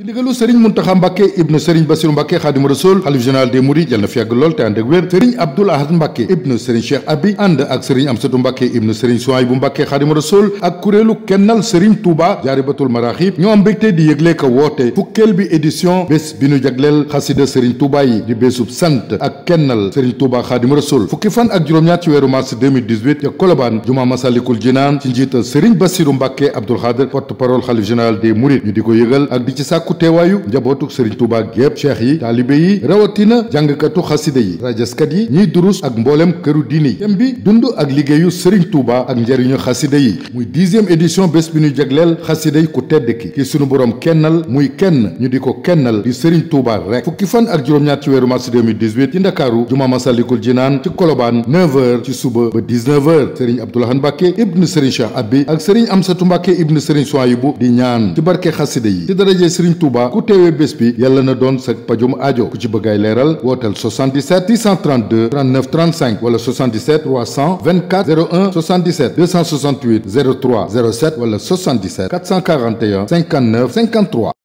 di ndigalu sëriñ Muntaxa Mbàkke ibnu sëriñ Basiru Mbàkke xaadimu rasul xalif général des mourides yal na fi yàgg lool te ànd ak wér sëriñ Abdul Ahad Mbàkke ibnu sëriñ Cheikh Abi ànd ak sëriñ Amsatu Mbàkke ibnu sëriñ Suwaybu Mbàkke xaadimu rasul ak kuréelu kennal sëriñ Touba jaaribatul maraaxib ñoo am mbégte di yëgle ko woote fukkeel bi édition bés bi ñu jagleel xasida sëriñ Touba yi di bésub sant ak kennal sëriñ Touba xaadimu rasul fukki fan ak juróom-ñaar ci weeru mars 2018 ya Kolobaan juma Masalikul Jinaan ci njiital sëriñ Basiru Mbàkke Abdul Xaadir porte parole xalif général des mourides ñu di ko yëgal ak di ci sàkk sàkku teewaayu njabootuk sëriñ Touba gépp cheikh yi taalibe yi rawatina jàngkatu xasida yi rajaskat yi ñiy durus ak mboolem këru diine yi thème bi dund ak liggéeyu sëriñ Touba ak njëriñu xasida yi muy dixième édition bés bi ñu jagleel xasida yi ku tedd ki ki sunu borom kennal muy kenn ñu di ko kennal di sëriñ Touba rek fukki fan ak juróom-ñaar ci weeru mars 2018 ci ndakaaru juma masalikul jinaan ci kolobaan 9h ci suba ba 19h sëriñ Abdoulahan di ñaan ci barke xasida Touba ku teewee bés bi donne na doon sa pajum aajo ku ci bëgg ay leeral 77 632 39 35 wala 77 324 01 77 268 03 07 wala 77 441 59 53.